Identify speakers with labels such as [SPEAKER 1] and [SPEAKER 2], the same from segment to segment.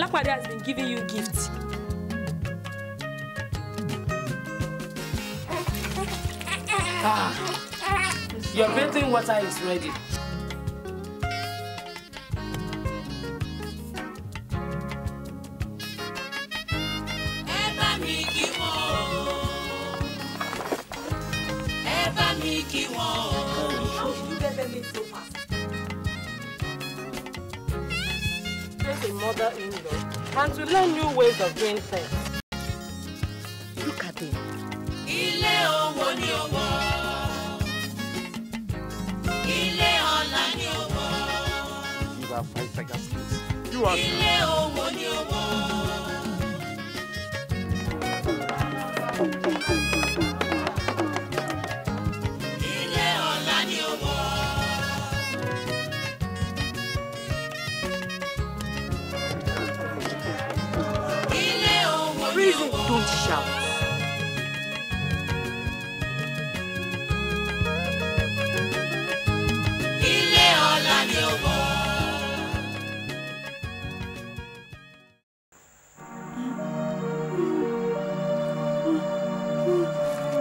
[SPEAKER 1] Lakwade has been giving you gifts.
[SPEAKER 2] Ah, your bathing water is ready.
[SPEAKER 3] mother in and to learn new ways of doing things. Look at him. Ilé owó ni owó.
[SPEAKER 4] Ilé ọlá ni owó. You are five tigers. You are. Ilé owó ni owó.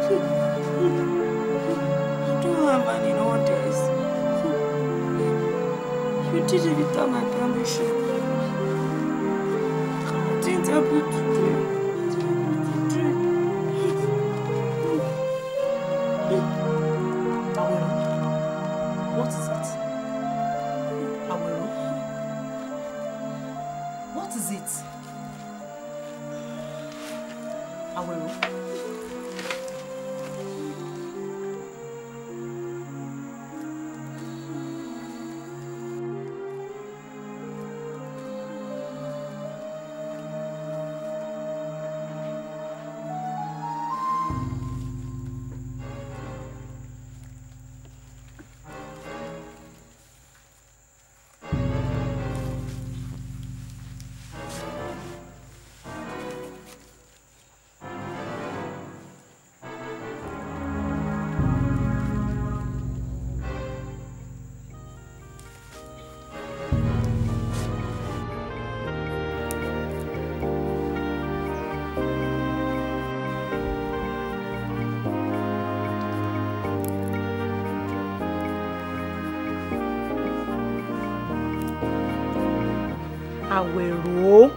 [SPEAKER 1] I don't have any orders.
[SPEAKER 2] You did it without my permission. I didn't help you to do Awero.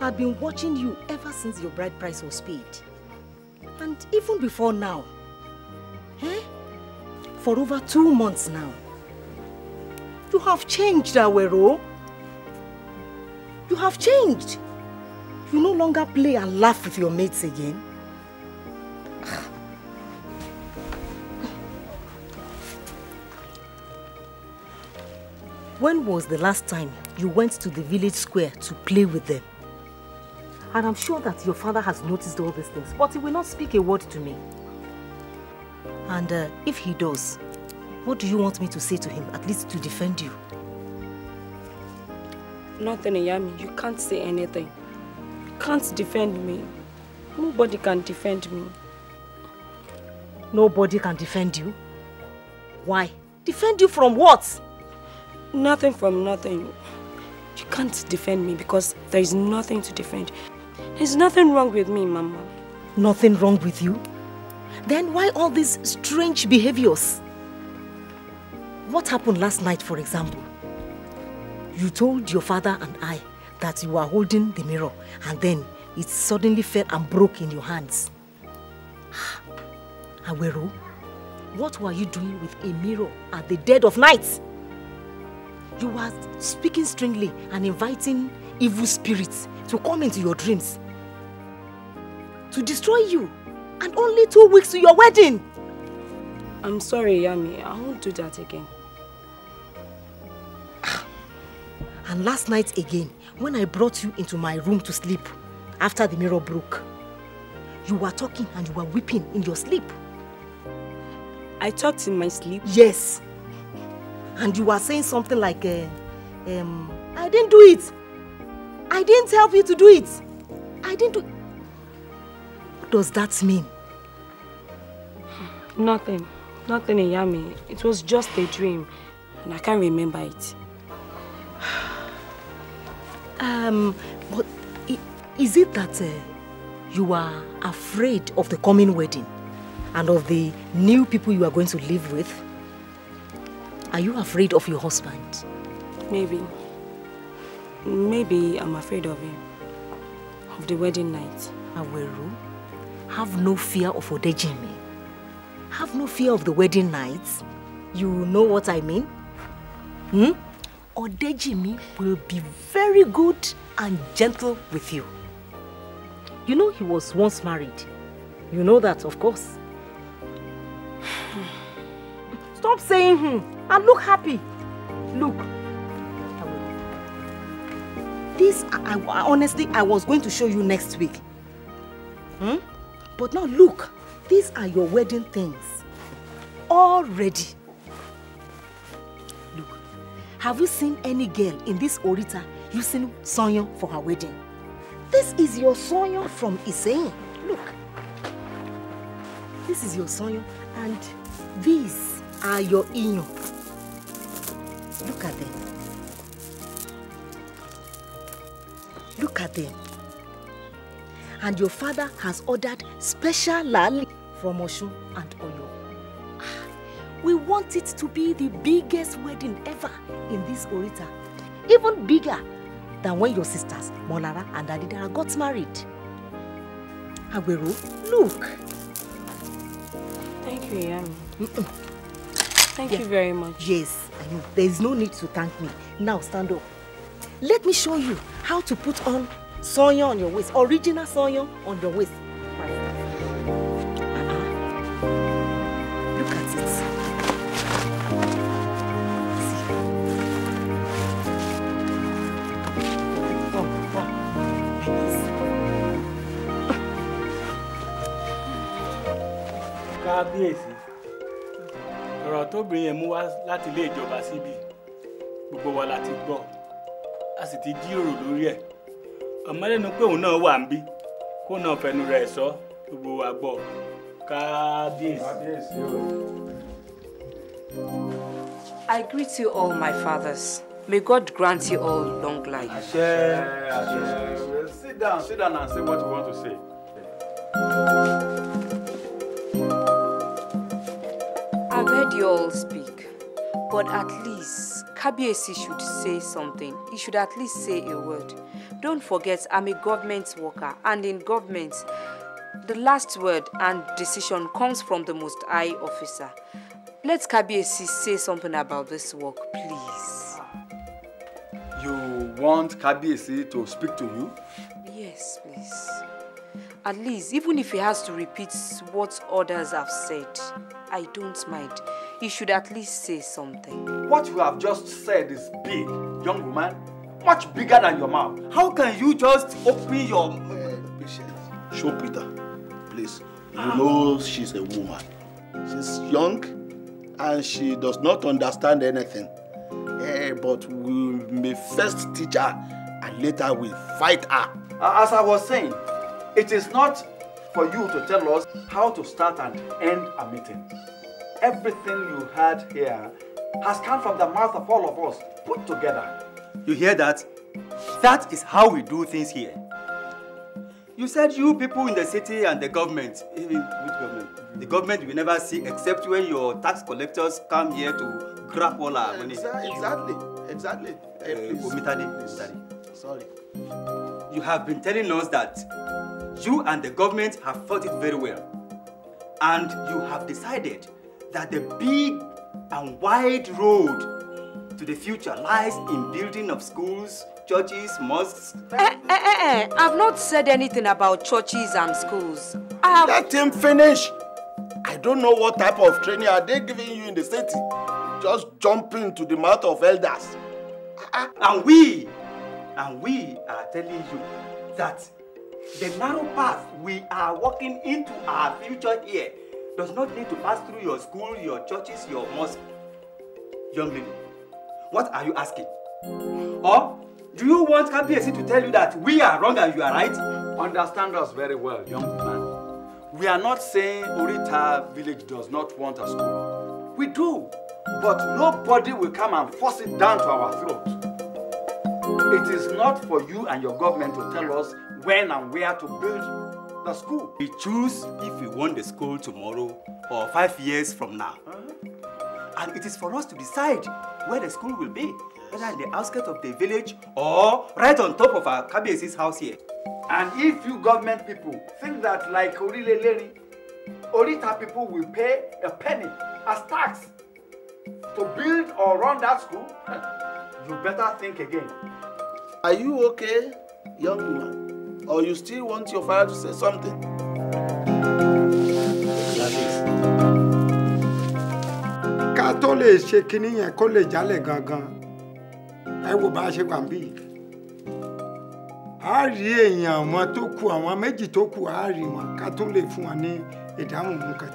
[SPEAKER 2] I've been watching you ever since your bride price was paid. And even before now. Eh? For over two months now. You have changed, Awero. You have changed. You no longer play and laugh with your mates again. When was the last time you went to the village square to play with them? And I'm sure that your father has noticed all these things, but he will not speak a word to me. And uh, if he does, what do you want me to say to him, at least to defend you?
[SPEAKER 1] Nothing, Yami. You can't say anything.
[SPEAKER 2] You can't defend me. Nobody can defend me. Nobody can defend you? Why? Defend you from what?
[SPEAKER 1] Nothing from nothing. You can't defend me because there is nothing to defend.
[SPEAKER 2] There's nothing wrong with me, Mama. Nothing wrong with you? Then why all these strange behaviors? What happened last night, for example? You told your father and I that you were holding the mirror and then it suddenly fell and broke in your hands. Ah, Awero, what were you doing with a mirror at the dead of night? You were speaking strangely and inviting evil spirits to come into your dreams. To destroy you. And only two weeks to your wedding. I'm sorry, Yami. I won't do that again. Ah. And last night again, when I brought you into my room to sleep, after the mirror broke, you were talking and you were weeping in your sleep. I talked in my sleep? Yes. And you were saying something like, uh, um, I didn't do it. I didn't help you to do it. I didn't do What does that mean?
[SPEAKER 1] Nothing. Nothing, Iyami. It was just a dream. And I can't remember
[SPEAKER 2] it. um, but is it that uh, you are afraid of the coming wedding and of the new people you are going to live with? Are you afraid of your husband? Maybe. Maybe I'm afraid of him. Of the wedding night. Aweru, have no fear of Odejimi. Have no fear of the wedding night. You know what I mean? Hmm? Odejimi will be very good and gentle with you. You know he was once married. You know that, of course. Stop saying hmm and look happy. Look. This, I, I, honestly, I was going to show you next week. Hmm? But now look, these are your wedding things. All ready. Look, have you seen any girl in this Orita using Sonya for her wedding? This is your Sonya from Isein. Look. This is your Sonya and these are your Inyo. Look at them. Look at them. And your father has ordered special lali from Oshun and Oyo. Ah, we want it to be the biggest wedding ever in this Orita. Even bigger than when your sisters, Monara and Adidara, got married. Aguero, look. Thank you, Yami. Mm -mm. Thank yeah. you very much. Yes. There is no need to thank me. Now stand up. Let me show you how to put on sonya on your waist, original sonya on your waist.
[SPEAKER 5] Look at tóbìnrin yẹn mú wá láti ilé ìjọba síbi gbogbo wa la ti gbọ́ a sì ti jíròrò lórí ẹ̀ ọmọlẹ́nu pé òun náà wà ń bí kó náà fẹnu rẹ̀ sọ gbogbo wa gbọ́ kábíyèsí.
[SPEAKER 1] I greet you all, my fathers. May God grant you all long life. Ashe,
[SPEAKER 5] Ashe. Sit down, sit down and say what you want to say.
[SPEAKER 1] we all speak. But at least Kabiesi should say something. He should at least say a word. Don't forget, I'm a government worker, and in government, the last word and decision comes from the most high officer. Let Kabiesi say something about this work, please.
[SPEAKER 5] You want Kabiesi to speak to you?
[SPEAKER 1] Yes, please. At least, even if he has to repeat what others have said, I don't mind. You should at least say
[SPEAKER 5] something. What you have just said is big, young woman. Much bigger than your mouth. How can you just open
[SPEAKER 4] your... patience. Uh, Show Peter, please. You know she's a woman. She's young and she does not understand anything. Eh, but we may first teach her and later we fight her. As
[SPEAKER 5] I was saying, it is not for you to tell us how to start and end a meeting everything you heard here has come from the mouth of all of us put together. You hear that? That is how we do things here. You said you people in the city and the government, even eh, eh, which government? The government we never see except when your tax collectors come here to grab all our money.
[SPEAKER 4] Exactly, exactly.
[SPEAKER 5] Uh, Sorry. You have been telling us that you and the government have fought it very well. And you have decided that the big and wide road to the future lies in building of schools, churches, mosques.
[SPEAKER 1] Eh, eh, eh, eh, I've not said anything about churches and schools.
[SPEAKER 4] I have... Let him finish. I don't know what type of training are they giving you in the city. Just jumping to the mouth of elders. Ah, ah. And we, and we are telling you that
[SPEAKER 5] the narrow path we are walking into our future here does not need to pass through your school, your churches, your mosque. Young lady, what are you asking? Or do you want KPSC to tell you that we are wrong and you are right? Understand us very well, young man. We are not saying Orita village does not want a school. We do, but nobody will come and force it down to our throat. It is not for you and your government to tell us when and where to build the school. We choose if we want the school tomorrow or five years from now. Uh -huh. And it is for us to decide where the school will be, whether in the outskirts of the village or right on top of our Kabiezi's house here. And if you government people think that like Orileleri, Orita people will pay a penny as tax to build or run that school,
[SPEAKER 4] you better think again. Are you okay, young man? or you still want your father to say something? ká tó lè ṣe kinní yẹn kó lè jálẹ̀ gangan ẹ wo bá a ṣe wà ń bí a rí èèyàn àwọn tó kù àwọn méjì tó kù a rí wọn ká tó lè fún wọn ní ìdáhùn nǹkan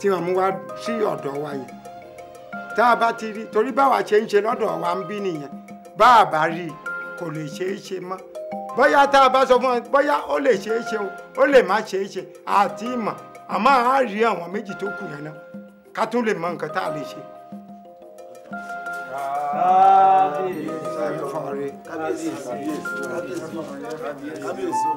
[SPEAKER 4] tí wọn mú wá sí ọ̀dọ̀ wa yẹn tá a bá ti rí torí báwa ṣe ń ṣe lọ́dọ̀ wa ń bí nìyẹn bá a bá rí kò lè ṣeé ṣe mọ́ bóyá tá a bá sọ fún ọ bóyá ó lè ṣeé ṣe o ó lè má ṣeé ṣe àti ìmọ̀ àmọ́ a rí àwọn méjì tó kù yẹn náà ká tún lè mọ nǹkan tá a lè ṣe. kábíyèsí kábíyèsí kábíyèsí kábíyèsí.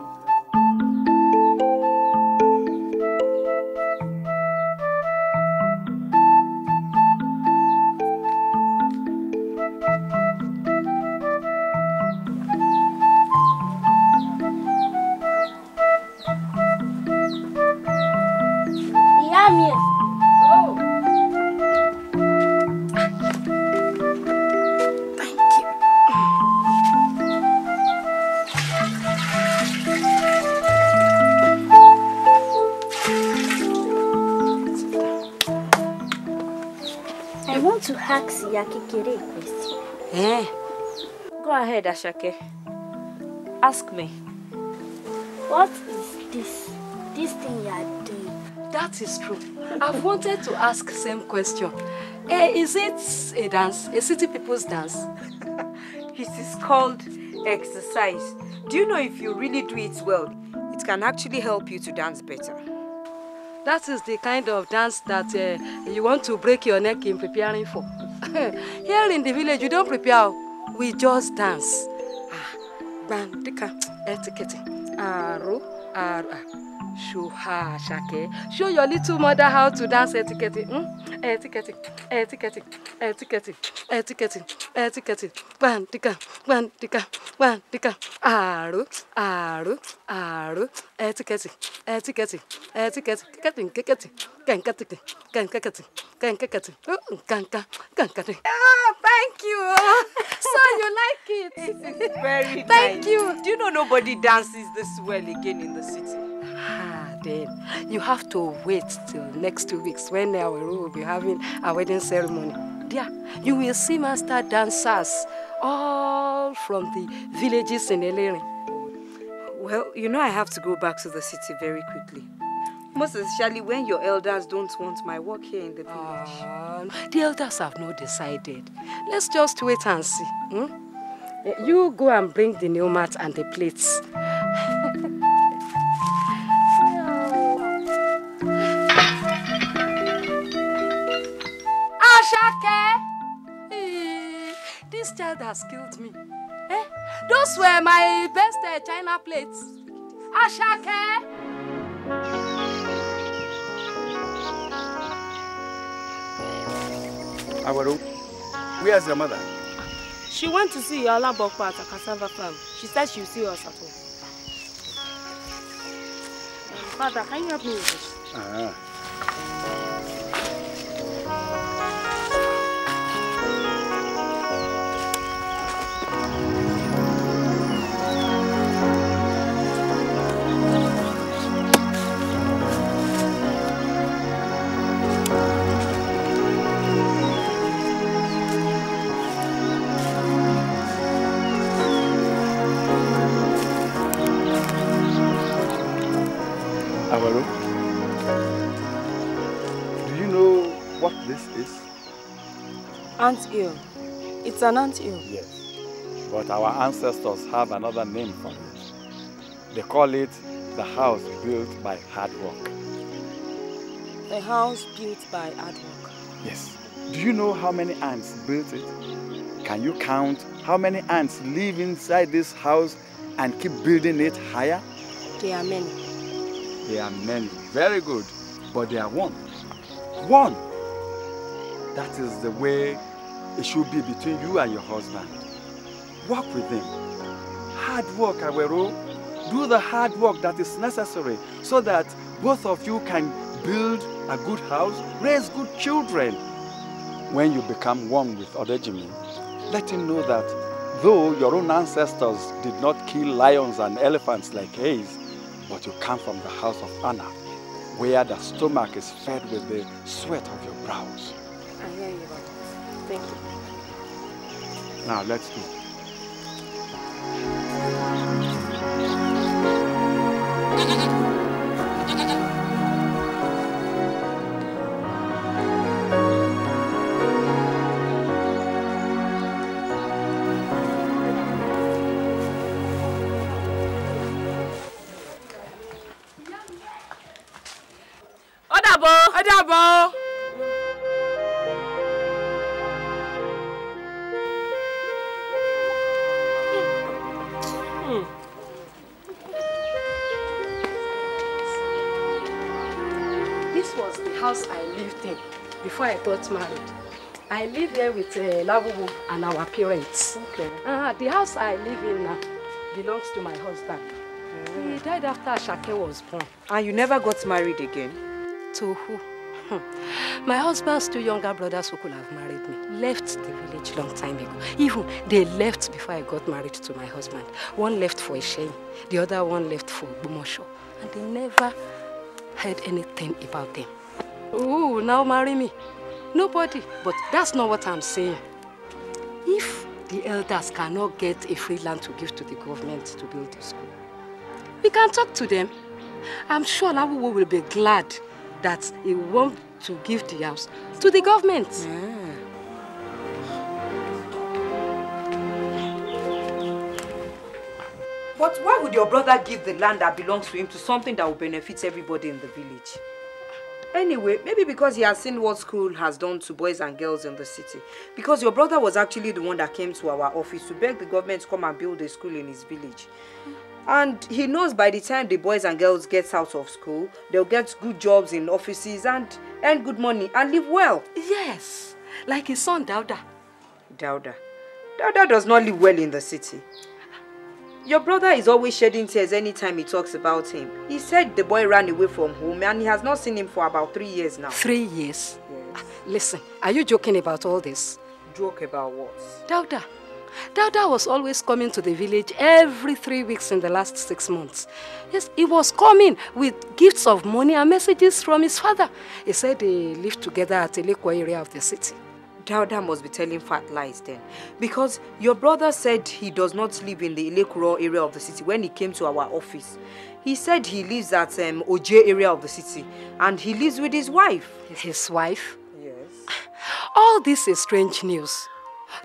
[SPEAKER 4] ya
[SPEAKER 2] Eh?
[SPEAKER 1] Go ahead, Ashake. Ask
[SPEAKER 2] me.
[SPEAKER 3] What is this? This thing you are doing? That is true. I've wanted to ask same question. Eh, is it a dance, a city people's dance? it is called exercise. Do you know if you really do it well, it
[SPEAKER 1] can actually help you to dance better?
[SPEAKER 3] That is the kind of dance that uh, you want to break your neck in preparing for. Here in the village, you don't prepare. Oh. We just dance. Ah, bandika, etiquette. Aru, aru. Ah show her Asake. Show your little mother how to dance etiquette. Hmm? Etiquette, etiquette, etiquette, etiquette, etiquette. Bandika, bandika, bandika. Aro, aro, aro. Etiquette, etiquette, etiquette. Kikatin, kikatin, kankati, kankati, kankati, kanka, kankati. Oh, thank you.
[SPEAKER 1] so you like it? This is very Thank nice. you. Do you know nobody dances this well again in the city?
[SPEAKER 3] Ah, then you have to wait till next two weeks when our room will be having a wedding ceremony. There, you will see master dancers all from the villages in Eleni. Well,
[SPEAKER 1] you know I have to go back to the city very quickly. Most especially when your elders don't
[SPEAKER 3] want my work here in the village. Uh, the elders have not decided. Let's just wait and see. Hmm? You go and bring the new mat and the plates. This child has killed me. Eh? Those were my best uh, china plates. Ashake!
[SPEAKER 5] Awaro, where's your mother?
[SPEAKER 3] She went to see your Alabokpa at a cassava farm. She said she will see us at home. Um, Father, can you help me with this?
[SPEAKER 5] Ah.
[SPEAKER 4] what this is?
[SPEAKER 1] Ant hill. It's an ant hill.
[SPEAKER 5] Yes. But our ancestors have another name for it. They call it the house built by hard work.
[SPEAKER 2] The house built by hard work.
[SPEAKER 5] Yes. Do you know how many ants built it? Can you count how many ants live inside this house and keep building it higher?
[SPEAKER 1] There are many.
[SPEAKER 5] There are many. Very good. But there are one. One that is the way it should be between you and your husband. Work with him. Hard work, Awero. Do the hard work that is necessary so that both of you can build a good house, raise good children. When you become one with Odejimi, let him know that though your own ancestors did not kill lions and elephants like his, but you come from the house of Anna, where the stomach is fed with the sweat of your brows.
[SPEAKER 2] I hear you, Thank
[SPEAKER 4] you. Now, let's go.
[SPEAKER 3] house I lived in before I got married. I live here with uh, Labubu and our parents. Okay. Uh, the house I live in now belongs to my husband. Mm. He died after Ashake was born.
[SPEAKER 1] And you never got married again?
[SPEAKER 3] To who? Hmm. My husband's two younger brothers who could have married me left the village long time ago. Even they left before I got married to my husband. One left for Ishen, the other one left for Bumosho. And they never heard anything about them. Oh, now marry me. Nobody. But that's not what I'm saying. If the elders cannot get a free land to give to the government to build the school, we can talk to them. I'm sure Labuwo will be glad that he wants to give the house to the government. Yeah. But why would your brother give the
[SPEAKER 1] land that belongs to him to something that will benefit everybody in the village? Anyway, maybe because he has seen what school has done to boys and girls in the city. Because your brother was actually the one that came to our office to beg the government to come and build a school in his village. And he knows by the time the boys and girls gets out of school, they'll get good jobs in offices and earn good money and live well. Yes, like his son Dauda. Dauda. Dauda does not live well in the city. Your brother is always shedding tears anytime he talks about him. He said the boy ran away from home and he has not seen him for about three years now.
[SPEAKER 3] Three years? Yes. Ah, listen, are you joking about all this?
[SPEAKER 1] Joke about what?
[SPEAKER 3] Dauda. Dauda was always coming to the village every three weeks in the last six months. Yes, he was coming with gifts of money and messages from his father. He said they lived together at a local area of the city. Dauda must be telling fat lies then.
[SPEAKER 1] Because your brother said he does not live in the Ilekuro area of the city when he came to our office. He said he lives at um, Oje area of the city and he lives with his wife.
[SPEAKER 3] His wife? Yes. All this is strange news.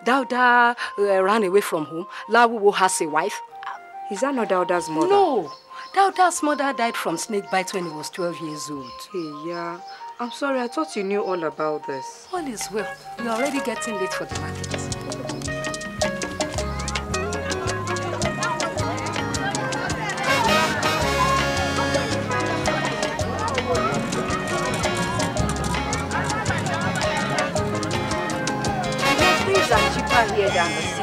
[SPEAKER 3] Dauda uh, ran away from home. Lawuwo has a wife. Is that not Dauda's mother? No. Dauda's mother died from snake bite when he was 12 years old. Hey, yeah. I'm sorry, I thought you knew all about this. All is well. You're already getting late for the market. here down the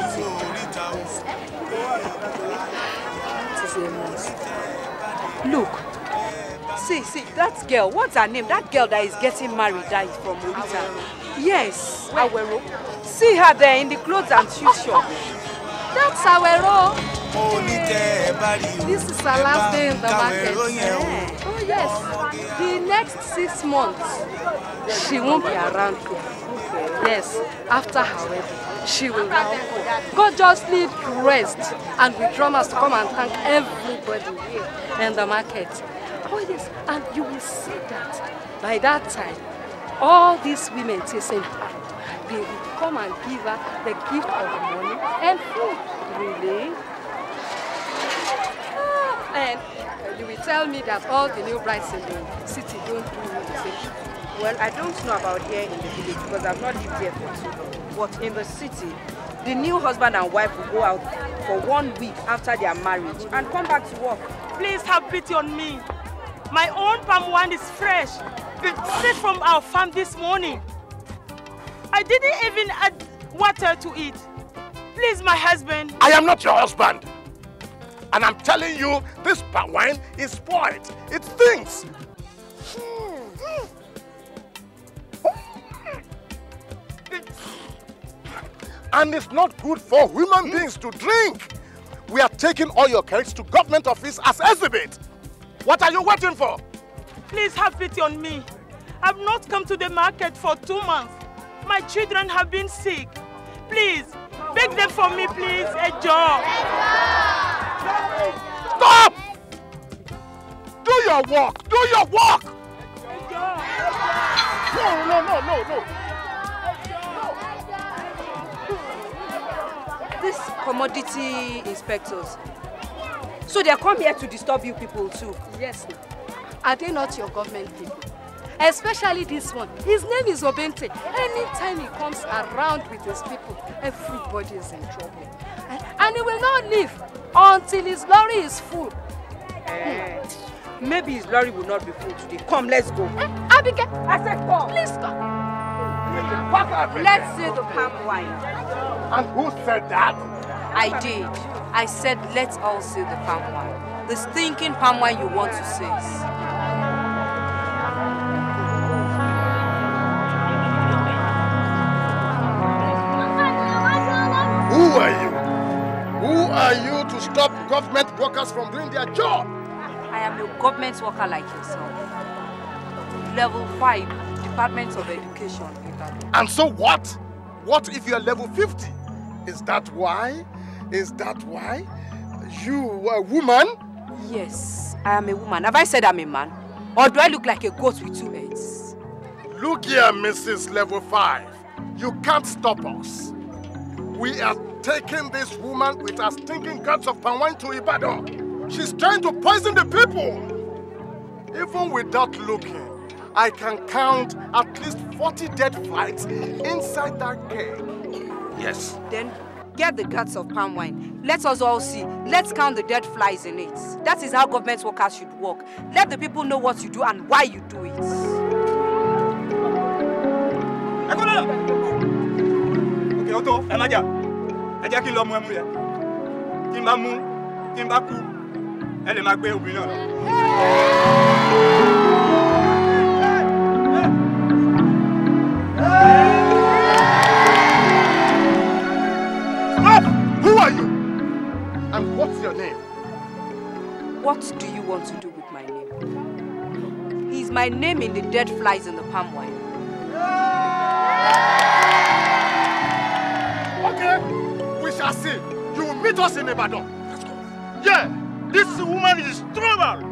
[SPEAKER 1] see, see, that girl, what's her name? That girl that is getting married, that is from Orita. Yes, Where? Awero. See her there in the clothes and shoes
[SPEAKER 3] shop. That's Awero. Hey. This is her last day in the market.
[SPEAKER 4] Yeah.
[SPEAKER 3] Oh, yes. The next six months, she won't be around here. Yes, after her wedding, she will now gorgeously rest, and with drummers to come and thank everybody here in the market. Oh yes, and you will see that by that time, all these women they will come and give her the gift of money and food. Really? Ah, and you will tell me that all the new brides in the city don't do the same. Well, I
[SPEAKER 1] don't know about here in the village because I've not lived here for too long. But in the city, the new husband and wife will go out for one week after their marriage and come back to work. Please
[SPEAKER 2] have pity on me. My own palm wine is fresh, straight from our
[SPEAKER 4] farm this morning. I didn't even add water to it. Please, my husband. I am not your husband. And I'm telling you, this palm wine is spoiled. It stinks. and it's not good for human beings to drink. We are taking all your credits to government office as exhibit. What are you waiting for? Please have pity on me. I've not come to the market for two months. My children have been sick. Please, beg them for me, please, a job. Stop! Do your work. Do your work. No, no, no, no, no.
[SPEAKER 3] These commodity inspectors, So they come here to disturb you people too? Yes, Are they not your government people? Especially this one. His name is Obente. Anytime he comes around with his people, everybody is in trouble. And, he will not leave until his lorry is full.
[SPEAKER 1] Eh, hmm. Maybe his lorry will not be full today. Come, let's go. Eh,
[SPEAKER 3] Abigail. I said come. Please come.
[SPEAKER 1] Let's see the palm wine. And who said that? I did. I said, let's all see the palm wine. The stinking palm wine you want to see.
[SPEAKER 4] Who are you? Who are you to stop government workers from doing their job?
[SPEAKER 1] I am a government worker like yourself. Level 5, Department
[SPEAKER 3] of
[SPEAKER 4] Education. And so what? What if you are level 50? Is that why? Is that why? You a woman? Yes,
[SPEAKER 1] I am a woman. Have I said I'm a man? Or do I look like a goat with two heads? Look
[SPEAKER 4] here, Mrs. Level 5. You can't stop us. We are taking this woman with us, stinking guts of Panwan to Ibadan. She's trying to poison the people. Even without looking, I can count at least 40 dead flies inside that cave. Yes. Then
[SPEAKER 1] Get the guts of palm wine. Let us all see. Let's count the dead flies in it. That is how government workers should work. Let the people know what you do and why you do it.
[SPEAKER 5] Okay, Otto, Emaja. Ẹ jẹ́ kí n lọ mú ẹmu yẹn. Tí n bá mú, tí n bá kú, ẹ lè
[SPEAKER 4] Hey! What do
[SPEAKER 1] you want to do with my name? He's my name in the dead flies in the palm wine.
[SPEAKER 4] Okay, we shall see. You will meet us in Ibadan. Let's go. Yeah, this woman is trouble.